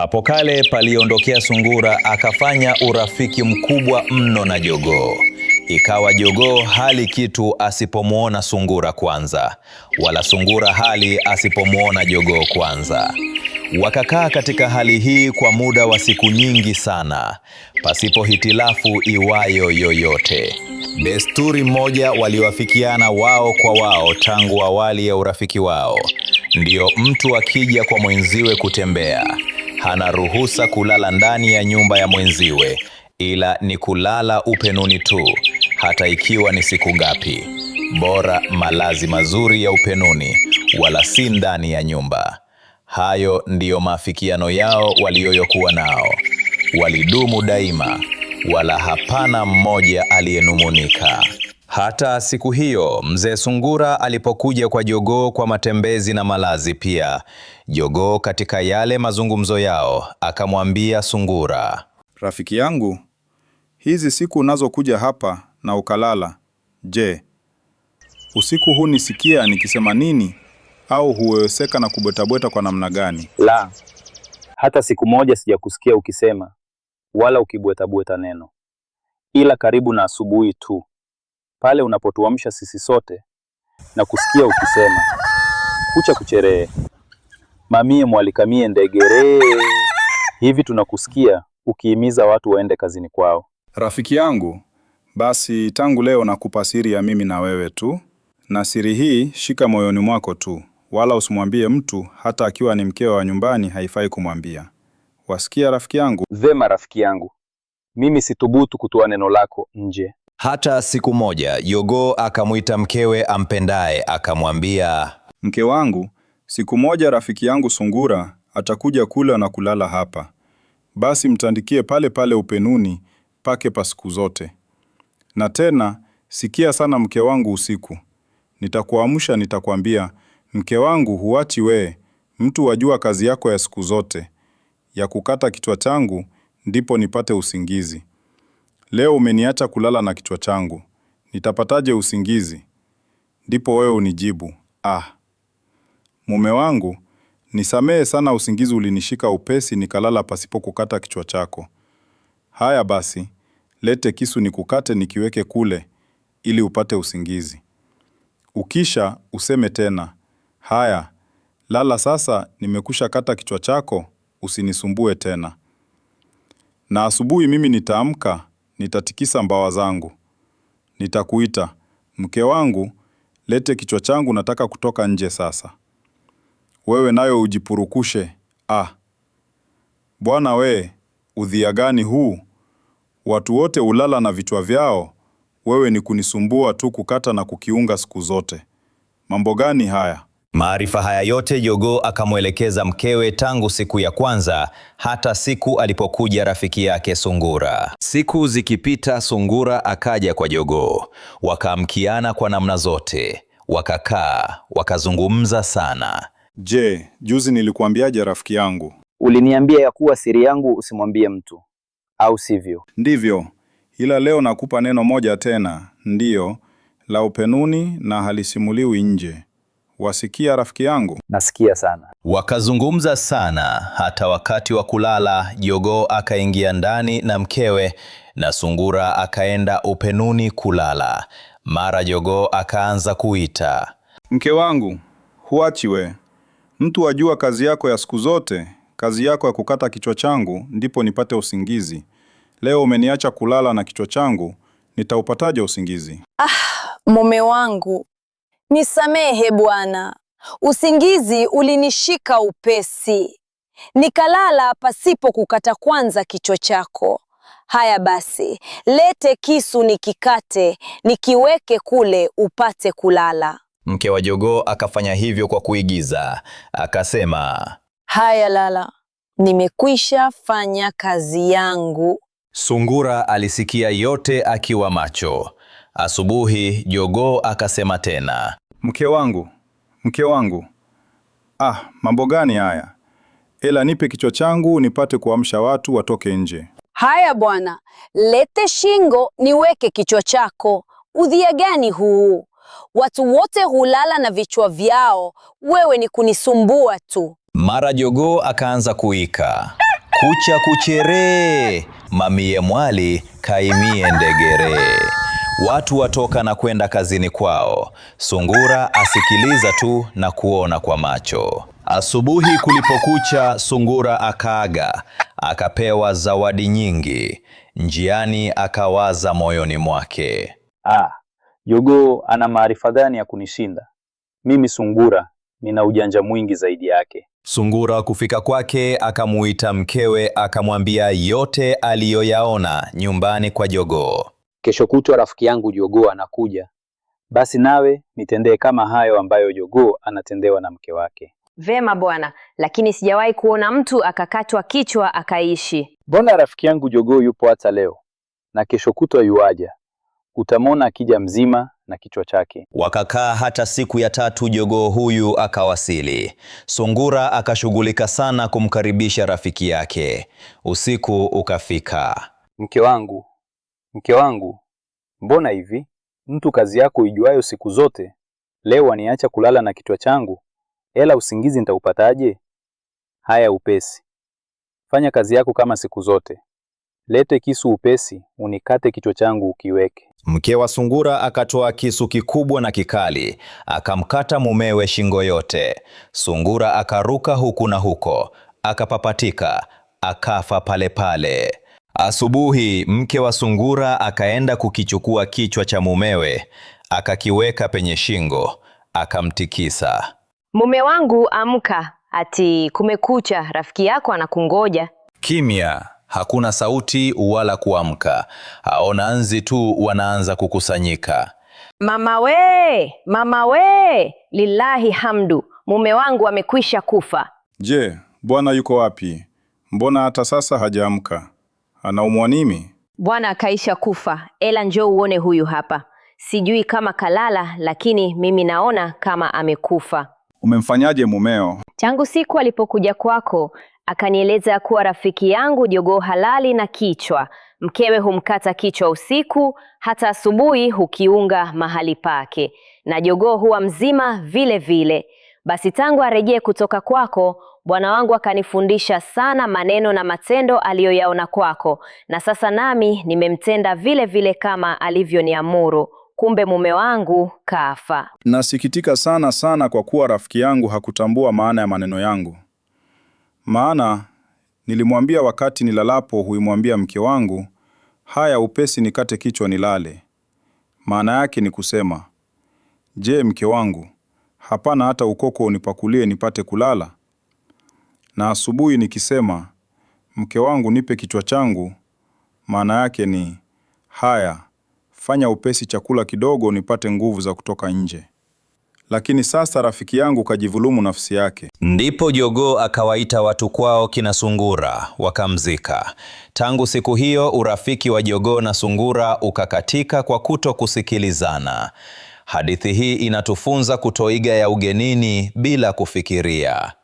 Hapo kale paliondokea sungura, akafanya urafiki mkubwa mno na jogoo. Ikawa jogoo hali kitu asipomwona sungura kwanza, wala sungura hali asipomwona jogoo kwanza. Wakakaa katika hali hii kwa muda wa siku nyingi sana, pasipo hitilafu iwayo yoyote. Desturi moja waliwafikiana wao kwa wao tangu awali ya urafiki wao, ndiyo mtu akija kwa mwenziwe kutembea hana ruhusa kulala ndani ya nyumba ya mwenziwe, ila ni kulala upenuni tu, hata ikiwa ni siku ngapi. Bora malazi mazuri ya upenuni, wala si ndani ya nyumba. Hayo ndiyo maafikiano yao waliyoyokuwa nao, walidumu daima, wala hapana mmoja aliyenumunika. Hata siku hiyo mzee Sungura alipokuja kwa Jogoo kwa matembezi na malazi pia, Jogoo katika yale mazungumzo yao akamwambia Sungura, rafiki yangu, hizi siku unazokuja hapa na ukalala, je, usiku huu nisikia nikisema nini au huweweseka na kubwetabweta kwa namna gani? La, hata siku moja sijakusikia ukisema wala ukibwetabweta neno, ila karibu na asubuhi tu pale unapotuamsha sisi sote na kusikia ukisema kucha kucherehe mamie mwalikamie ndegeree. Hivi tunakusikia ukihimiza watu waende kazini kwao. Rafiki yangu, basi tangu leo nakupa siri ya mimi na wewe tu, na siri hii shika moyoni mwako tu, wala usimwambie mtu, hata akiwa ni mkeo wa nyumbani haifai kumwambia. Wasikia rafiki yangu? Vema rafiki yangu, mimi sithubutu kutoa neno lako nje, hata siku moja yogo akamwita mkewe ampendaye, akamwambia, mke wangu, siku moja rafiki yangu Sungura atakuja kula na kulala hapa, basi mtandikie pale pale upenuni pake pa siku zote. Na tena sikia sana mke wangu, usiku nitakuamsha, nitakwambia, mke wangu, huwati wee mtu wajua kazi yako ya siku zote ya kukata kichwa changu, ndipo nipate usingizi. Leo umeniacha kulala na kichwa changu, nitapataje usingizi? Ndipo wewe unijibu ah, mume wangu, nisamehe sana, usingizi ulinishika upesi, nikalala pasipo kukata kichwa chako. Haya basi, lete kisu nikukate, nikiweke kule ili upate usingizi. Ukisha useme tena, haya lala sasa, nimekusha kata kichwa chako, usinisumbue tena. Na asubuhi mimi nitaamka nitatikisa mbawa zangu. Nitakuita, mke wangu, lete kichwa changu, nataka kutoka nje sasa. Wewe nayo ujipurukushe. Ah, Bwana we, udhia gani huu! Watu wote ulala na vichwa vyao, wewe ni kunisumbua tu, kukata na kukiunga siku zote. Mambo gani haya? Maarifa haya yote Jogoo akamwelekeza mkewe tangu siku ya kwanza hata siku alipokuja rafiki yake Sungura. Siku zikipita, Sungura akaja kwa Jogoo, wakaamkiana kwa namna zote, wakakaa wakazungumza sana. Je, juzi nilikuambiaje rafiki yangu? Uliniambia ya kuwa siri yangu usimwambie mtu, au sivyo? Ndivyo, ila leo nakupa neno moja tena, ndiyo la upenuni na halisimuliwi nje. Wasikia rafiki yangu? Nasikia sana. Wakazungumza sana hata wakati wa kulala. Jogoo akaingia ndani na mkewe na Sungura akaenda upenuni kulala. Mara Jogoo akaanza kuita, mke wangu, huachi we, mtu wajua kazi yako ya siku zote, kazi yako ya kukata kichwa changu ndipo nipate usingizi. Leo umeniacha kulala na kichwa changu, nitaupataje usingizi? Ah, mume wangu Nisamehe Bwana, usingizi ulinishika upesi, nikalala pasipo kukata kwanza kichwa chako. Haya basi, lete kisu nikikate, nikiweke kule upate kulala. Mke wa jogoo akafanya hivyo kwa kuigiza, akasema, haya lala, nimekwisha fanya kazi yangu. Sungura alisikia yote akiwa macho. Asubuhi jogoo akasema tena, Mke wangu, mke wangu, ah, mambo gani haya? Ela nipe kichwa changu nipate kuamsha watu watoke nje. Haya bwana, lete shingo niweke kichwa chako. Udhia gani huu? Watu wote hulala na vichwa vyao, wewe ni kunisumbua tu. Mara jogoo akaanza kuika kucha kucheree, mamie mwali kaimie ndegeree watu watoka na kwenda kazini kwao, sungura asikiliza tu na kuona kwa macho. Asubuhi kulipokucha, sungura akaaga, akapewa zawadi nyingi. Njiani akawaza moyoni mwake, ah, jogoo ana maarifa gani ya kunishinda mimi? Sungura nina ujanja mwingi zaidi yake. Sungura kufika kwake, akamuita mkewe, akamwambia yote aliyoyaona nyumbani kwa jogoo. Kesho kutwa rafiki yangu jogoo anakuja, basi nawe nitendee kama hayo ambayo jogoo anatendewa na mke wake. Vema bwana, lakini sijawahi kuona mtu akakatwa kichwa akaishi. Mbona rafiki yangu jogoo yupo hata leo, na kesho kutwa yuaja, utamwona akija mzima na kichwa chake. Wakakaa hata siku ya tatu, jogoo huyu akawasili. Sungura akashughulika sana kumkaribisha rafiki yake. Usiku ukafika. Mke wangu Mke wangu, mbona hivi? Mtu kazi yako ijuayo siku zote, leo waniacha kulala na kichwa changu, ela usingizi nitaupataje? Haya, upesi, fanya kazi yako kama siku zote, lete kisu upesi, unikate kichwa changu ukiweke. Mke wa sungura akatoa kisu kikubwa na kikali, akamkata mumewe shingo yote. Sungura akaruka huku na huko, akapapatika, akafa pale pale. Asubuhi mke wa sungura akaenda kukichukua kichwa cha mumewe, akakiweka penye shingo, akamtikisa. Mume wangu amka, ati kumekucha, rafiki yako anakungoja. Kimya, hakuna sauti wala kuamka. Aona nzi tu wanaanza kukusanyika. Mama we, mama we, lillahi hamdu, mume wangu amekwisha kufa. Je, bwana yuko wapi? Mbona hata sasa hajaamka? anaumwa nini? Bwana akaisha kufa, ela njoo uone huyu hapa. Sijui kama kalala, lakini mimi naona kama amekufa. Umemfanyaje mumeo? Tangu siku alipokuja kwako akanieleza kuwa rafiki yangu jogoo halali na kichwa, mkewe humkata kichwa usiku, hata asubuhi hukiunga mahali pake, na jogoo huwa mzima vile vile. Basi tangu arejee kutoka kwako Bwana wangu akanifundisha sana maneno na matendo aliyoyaona kwako, na sasa nami nimemtenda vile vile kama alivyoniamuru. Kumbe mume wangu kafa. Nasikitika sana sana kwa kuwa rafiki yangu hakutambua maana ya maneno yangu, maana nilimwambia wakati nilalapo huimwambia mke wangu, haya upesi nikate kichwa nilale. Maana yake ni kusema, je, mke wangu, hapana hata ukoko unipakulie nipate kulala? na asubuhi nikisema, mke wangu nipe kichwa changu, maana yake ni haya, fanya upesi chakula kidogo nipate nguvu za kutoka nje. Lakini sasa rafiki yangu kajivulumu nafsi yake. Ndipo jogoo akawaita watu kwao kina sungura wakamzika. Tangu siku hiyo urafiki wa jogoo na sungura ukakatika kwa kuto kusikilizana. Hadithi hii inatufunza kutoiga ya ugenini bila kufikiria.